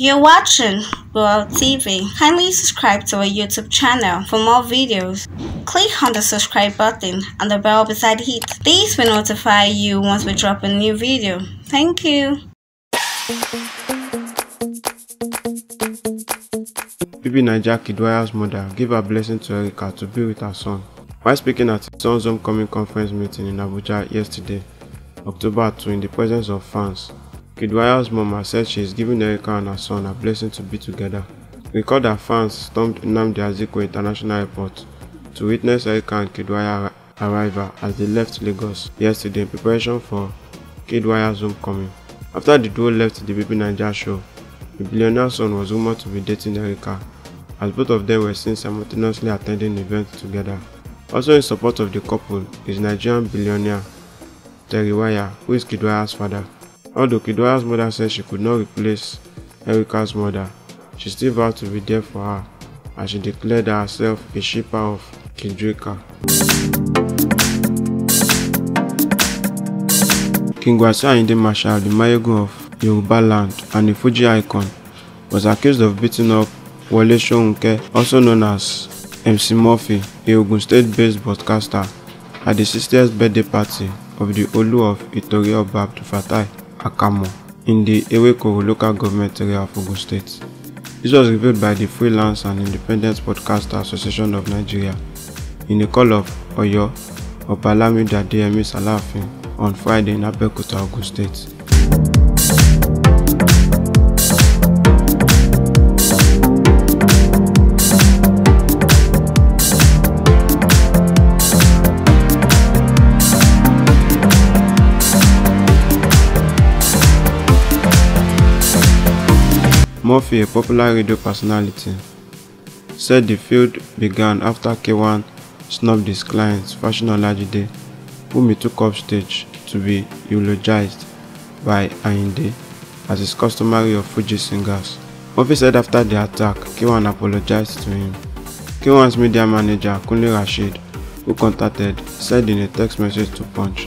You're watching World TV. Kindly subscribe to our YouTube channel for more videos. Click on the subscribe button and the bell beside it. These will notify you once we drop a new video. Thank you. Bibi Naija Kidwaya's mother gave her blessing to Erika to be with her son. While speaking at his son's homecoming conference meeting in Abuja yesterday, October 2 in the presence of fans, Kidwayo's mom has said she is giving Erica and her son a blessing to be together. We Record her fans stormed Nnamdi Azikiwe International Airport to witness Erica and Kidwaya arrival as they left Lagos yesterday in preparation for Kidwaya's homecoming. After the duo left the Baby Naija show, the billionaire son was rumored to be dating Erica, as both of them were seen simultaneously attending events together. Also in support of the couple is Nigerian billionaire Terry Waya, who is Kidwaya's father. Although Kidora's mother said she could not replace Erika's mother, she still vowed to be there for her as she declared herself a shipper of Kindreka. King Wasiu Ayinde Marshal, the Mayegun of Yoruba land and a Fuji icon, was accused of beating up Wole Soyinke, also known as MC Murphy, a Ogun State-based broadcaster, at the 60th birthday party of the Olu of Itori Oba Abdulfatai. Akamo in the Eweko local government area of Ogun State. This was revealed by the Freelance and Independent Podcaster Association of Nigeria in the call of Oyo Obalamide Adeyemi Alafin on Friday in Abeokuta, Ogun State. Murphy, a popular radio personality, said the feud began after K1 snubbed his client Fashion Olajide, whom he took off stage to be eulogized by Ainde as his customary of Fuji singers. Murphy said after the attack, K1 apologized to him. K1's media manager Kunle Rashid, who contacted, said in a text message to Punch